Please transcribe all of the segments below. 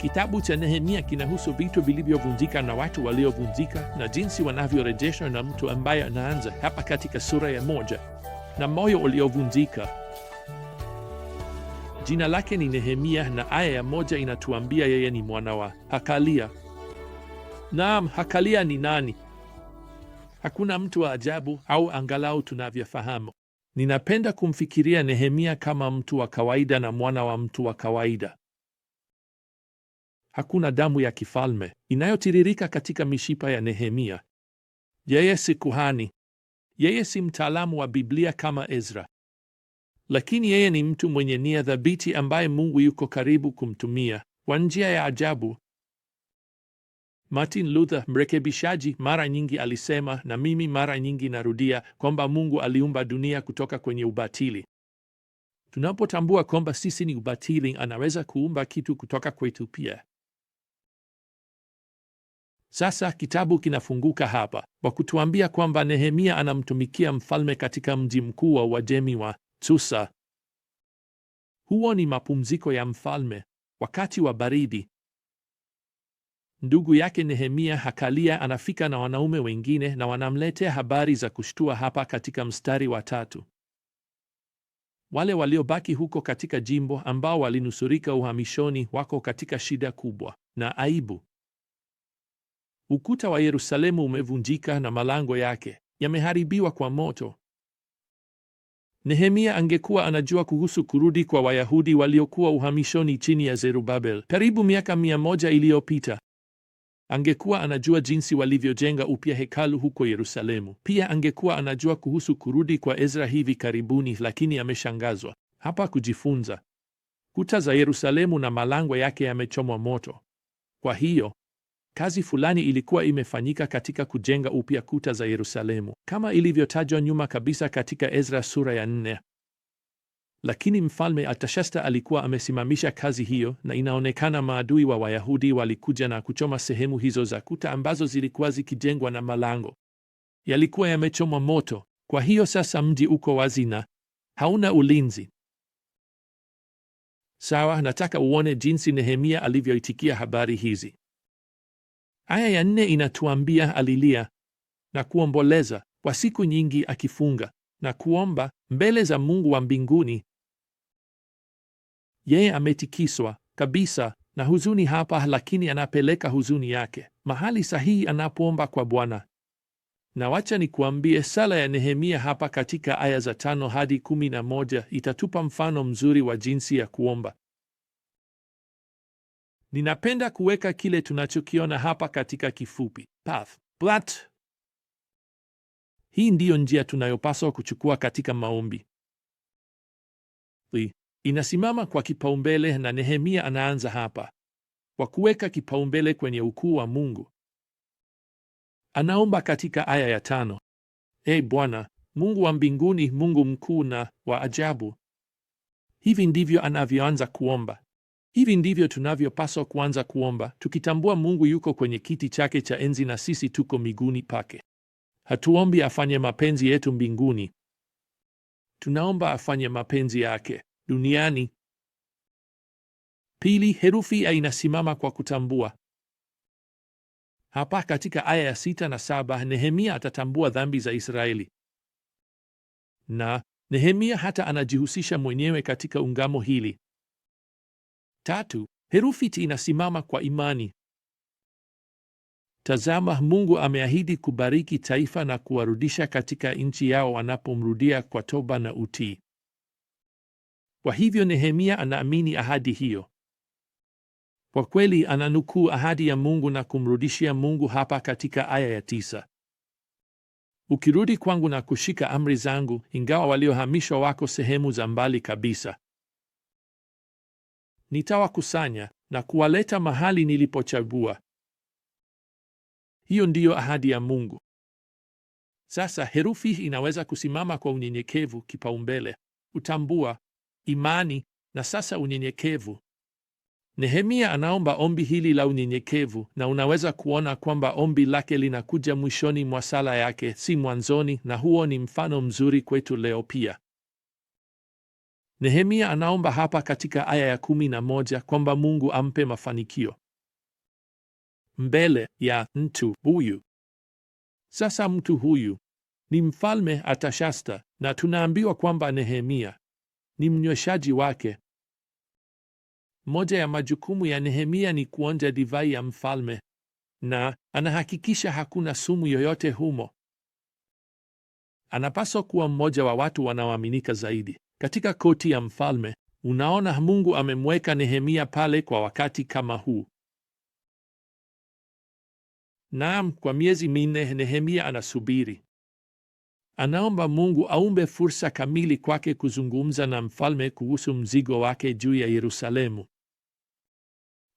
Kitabu cha Nehemia kinahusu vitu vilivyovunjika na watu waliovunjika na jinsi wanavyorejeshwa na mtu ambaye anaanza hapa katika sura ya moja na moyo uliovunjika. Jina lake ni Nehemia na aya ya moja inatuambia yeye ni mwana wa Hakalia. Naam, Hakalia ni nani? Hakuna mtu wa ajabu au angalau tunavyofahamu. Ninapenda kumfikiria Nehemia kama mtu wa kawaida na mwana wa mtu wa kawaida. Hakuna damu ya kifalme inayotiririka katika mishipa ya Nehemia. Yeye si kuhani, yeye si mtaalamu wa Biblia kama Ezra, lakini yeye ni mtu mwenye nia thabiti ambaye Mungu yuko karibu kumtumia kwa njia ya ajabu. Martin Luther, mrekebishaji, mara nyingi alisema, na mimi mara nyingi narudia, kwamba Mungu aliumba dunia kutoka kwenye ubatili. Tunapotambua kwamba sisi ni ubatili, anaweza kuumba kitu kutoka kwetu pia. Sasa kitabu kinafunguka hapa kwa kutuambia kwamba Nehemia anamtumikia mfalme katika mji mkuu wa Uajemi wa Susa. Huo ni mapumziko ya mfalme wakati wa baridi. Ndugu yake Nehemia Hakalia anafika na wanaume wengine na wanamletea habari za kushtua hapa katika mstari wa tatu. Wale waliobaki huko katika jimbo ambao walinusurika uhamishoni wako katika shida kubwa na aibu. Ukuta wa Yerusalemu umevunjika na malango yake yameharibiwa kwa moto. Nehemia angekuwa anajua kuhusu kurudi kwa Wayahudi waliokuwa uhamishoni chini ya Zerubabel karibu miaka mia moja iliyopita. Angekuwa anajua jinsi walivyojenga upya hekalu huko Yerusalemu. Pia angekuwa anajua kuhusu kurudi kwa Ezra hivi karibuni, lakini ameshangazwa hapa kujifunza. Kuta za Yerusalemu na malango yake yamechomwa moto. Kwa hiyo Kazi fulani ilikuwa imefanyika katika kujenga upya kuta za Yerusalemu kama ilivyotajwa nyuma kabisa katika Ezra sura ya nne. Lakini mfalme Artashasta alikuwa amesimamisha kazi hiyo, na inaonekana maadui wa Wayahudi walikuja na kuchoma sehemu hizo za kuta ambazo zilikuwa zikijengwa na malango yalikuwa yamechomwa moto. Kwa hiyo sasa mji uko wazi na hauna ulinzi. Sawa, nataka uone jinsi Nehemia alivyoitikia habari hizi. Aya ya nne inatuambia alilia na kuomboleza kwa siku nyingi akifunga na kuomba mbele za Mungu wa mbinguni. Yeye ametikiswa kabisa na huzuni hapa, lakini anapeleka huzuni yake mahali sahihi anapoomba kwa Bwana. Na wacha nikuambie, sala ya Nehemia hapa katika aya za tano hadi kumi na moja itatupa mfano mzuri wa jinsi ya kuomba Ninapenda kuweka kile tunachokiona hapa katika kifupi path plat. Hii ndiyo njia tunayopaswa kuchukua katika maombi. Inasimama kwa kipaumbele, na Nehemia anaanza hapa kwa kuweka kipaumbele kwenye ukuu wa Mungu. Anaomba katika aya ya tano: E Bwana Mungu wa mbinguni, Mungu mkuu na wa ajabu. Hivi ndivyo anavyoanza kuomba. Hivi ndivyo tunavyopaswa kuanza kuomba, tukitambua Mungu yuko kwenye kiti chake cha enzi na sisi tuko miguuni pake. Hatuombi afanye mapenzi yetu mbinguni, tunaomba afanye mapenzi yake duniani. Pili, herufi A inasimama kwa kutambua. Hapa katika aya ya sita na saba Nehemia atatambua dhambi za Israeli na Nehemia hata anajihusisha mwenyewe katika ungamo hili. Tatu, herufi T inasimama kwa imani. Tazama, Mungu ameahidi kubariki taifa na kuwarudisha katika nchi yao wanapomrudia kwa toba na utii. Kwa hivyo Nehemia anaamini ahadi hiyo. Kwa kweli ananukuu ahadi ya Mungu na kumrudishia Mungu hapa katika aya ya tisa: ukirudi kwangu na kushika amri zangu, ingawa waliohamishwa wako sehemu za mbali kabisa, nitawakusanya na kuwaleta mahali nilipochagua. Hiyo ndiyo ahadi ya Mungu. Sasa herufi inaweza kusimama kwa unyenyekevu, kipaumbele, utambua, imani na sasa unyenyekevu. Nehemia anaomba ombi hili la unyenyekevu, na unaweza kuona kwamba ombi lake linakuja mwishoni mwa sala yake, si mwanzoni, na huo ni mfano mzuri kwetu leo pia. Nehemia anaomba hapa katika aya ya kumi na moja kwamba Mungu ampe mafanikio mbele ya mtu huyu. Sasa mtu huyu ni mfalme Atashasta, na tunaambiwa kwamba Nehemia ni mnyweshaji wake. Moja ya majukumu ya Nehemia ni kuonja divai ya mfalme, na anahakikisha hakuna sumu yoyote humo. Anapaswa kuwa mmoja wa watu wanaoaminika zaidi katika koti ya mfalme, unaona Mungu amemweka Nehemia pale kwa wakati kama huu. Naam, kwa miezi minne Nehemia anasubiri. Anaomba Mungu aumbe fursa kamili kwake kuzungumza na mfalme kuhusu mzigo wake juu ya Yerusalemu.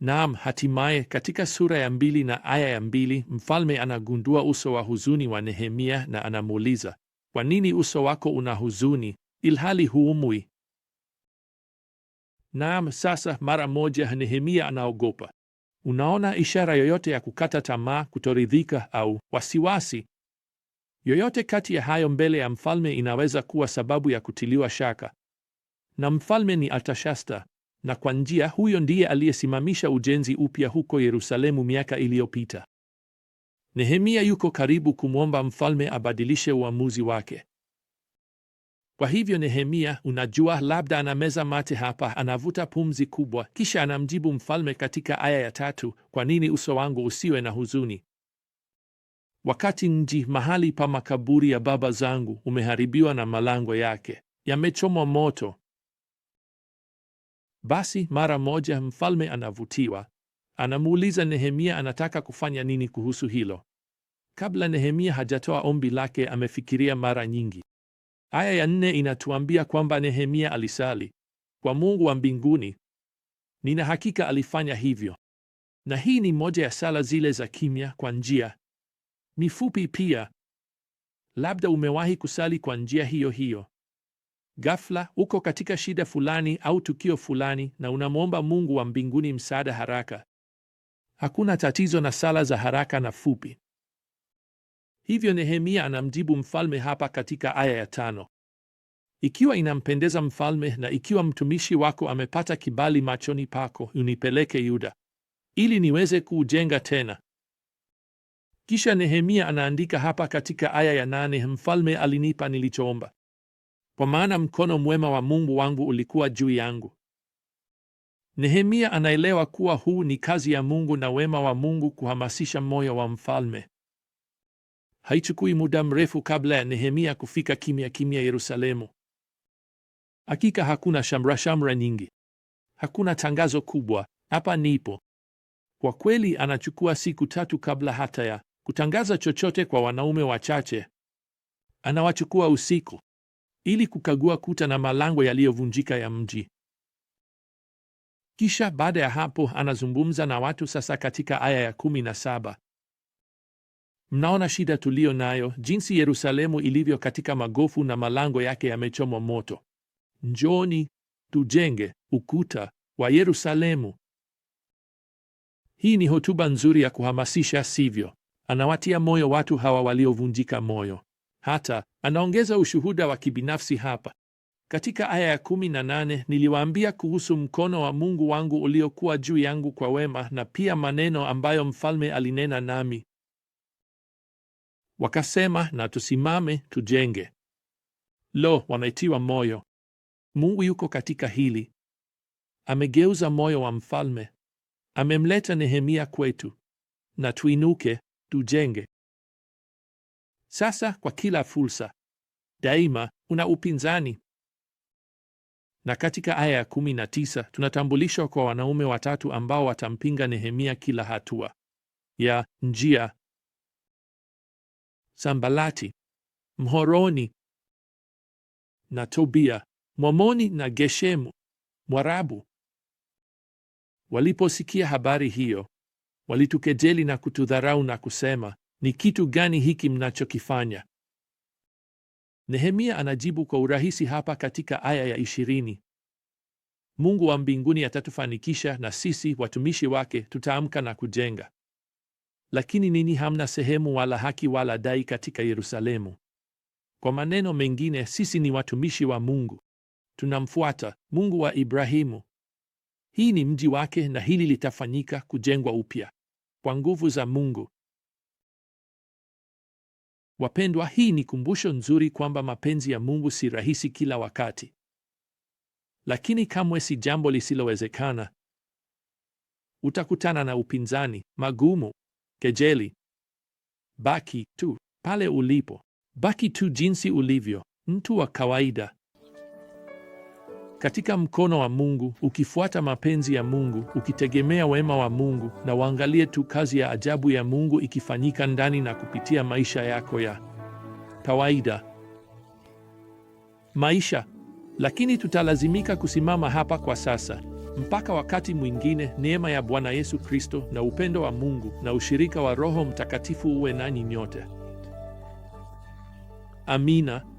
Naam, hatimaye katika sura ya mbili na aya ya mbili mfalme anagundua uso wa huzuni wa Nehemia na anamuuliza, kwa nini uso wako una huzuni? ilhali huumwi. Naam, sasa mara moja Nehemia anaogopa. Unaona ishara yoyote ya kukata tamaa, kutoridhika au wasiwasi? Yoyote kati ya hayo mbele ya mfalme inaweza kuwa sababu ya kutiliwa shaka. Na mfalme ni Atashasta, na kwa njia huyo ndiye aliyesimamisha ujenzi upya huko Yerusalemu miaka iliyopita. Nehemia yuko karibu kumwomba mfalme abadilishe uamuzi wake. Kwa hivyo Nehemia, unajua, labda anameza mate hapa, anavuta pumzi kubwa, kisha anamjibu mfalme katika aya ya tatu, kwa nini uso wangu usiwe na huzuni wakati mji, mahali pa makaburi ya baba zangu, umeharibiwa na malango yake yamechomwa moto? Basi mara moja mfalme anavutiwa, anamuuliza Nehemia anataka kufanya nini kuhusu hilo. Kabla Nehemia hajatoa ombi lake, amefikiria mara nyingi. Aya ya nne inatuambia kwamba Nehemia alisali kwa Mungu wa mbinguni. Nina hakika alifanya hivyo, na hii ni moja ya sala zile za kimya kwa njia mifupi pia. Labda umewahi kusali kwa njia hiyo hiyo. Ghafla uko katika shida fulani au tukio fulani, na unamwomba Mungu wa mbinguni msaada haraka. Hakuna tatizo na sala za haraka na fupi. Hivyo Nehemia anamjibu mfalme hapa katika aya ya tano: ikiwa inampendeza mfalme na ikiwa mtumishi wako amepata kibali machoni pako, unipeleke Yuda ili niweze kuujenga tena. Kisha Nehemia anaandika hapa katika aya ya nane: mfalme alinipa nilichoomba, kwa maana mkono mwema wa Mungu wangu ulikuwa juu yangu. Nehemia anaelewa kuwa huu ni kazi ya Mungu na wema wa Mungu kuhamasisha moyo wa mfalme. Haichukui muda mrefu kabla ya Nehemia kufika kimya kimya Yerusalemu. Hakika hakuna shamra shamra nyingi, hakuna tangazo kubwa, hapa nipo. Kwa kweli, anachukua siku tatu kabla hata ya kutangaza chochote kwa wanaume wachache. Anawachukua usiku ili kukagua kuta na malango yaliyovunjika ya mji. Kisha baada ya hapo anazungumza na watu sasa katika aya ya kumi na saba. Mnaona shida tuliyo nayo, jinsi Yerusalemu ilivyo katika magofu na malango yake yamechomwa moto. njoni tujenge ukuta wa Yerusalemu. Hii ni hotuba nzuri ya kuhamasisha, sivyo? Anawatia moyo watu hawa waliovunjika moyo. Hata anaongeza ushuhuda wa kibinafsi hapa katika aya ya 18 niliwaambia kuhusu mkono wa Mungu wangu uliokuwa juu yangu kwa wema, na pia maneno ambayo mfalme alinena nami wakasema na tusimame tujenge. Lo, wanaitiwa moyo. Mungu yuko katika hili, amegeuza moyo wa mfalme, amemleta Nehemia kwetu, na tuinuke tujenge. Sasa kwa kila fursa daima una upinzani, na katika aya ya 19 tunatambulishwa kwa wanaume watatu ambao watampinga Nehemia kila hatua ya njia Sambalati, Mhoroni na Tobia, Mwamoni na Geshemu, Mwarabu. Waliposikia habari hiyo, walitukejeli na kutudharau na kusema, ni kitu gani hiki mnachokifanya? Nehemia anajibu kwa urahisi hapa katika aya ya ishirini. Mungu wa mbinguni atatufanikisha na sisi watumishi wake tutaamka na kujenga lakini ninyi hamna sehemu wala haki wala dai katika Yerusalemu. Kwa maneno mengine, sisi ni watumishi wa Mungu, tunamfuata Mungu wa Ibrahimu. Hii ni mji wake, na hili litafanyika kujengwa upya kwa nguvu za Mungu. Wapendwa, hii ni kumbusho nzuri kwamba mapenzi ya Mungu si rahisi kila wakati, lakini kamwe si jambo lisilowezekana. Utakutana na upinzani, magumu, kejeli. Baki tu pale ulipo, baki tu jinsi ulivyo, mtu wa kawaida katika mkono wa Mungu, ukifuata mapenzi ya Mungu, ukitegemea wema wa Mungu, na waangalie tu kazi ya ajabu ya Mungu ikifanyika ndani na kupitia maisha yako ya kawaida maisha. Lakini tutalazimika kusimama hapa kwa sasa mpaka wakati mwingine, neema ya Bwana Yesu Kristo na upendo wa Mungu na ushirika wa Roho Mtakatifu uwe nanyi nyote. Amina.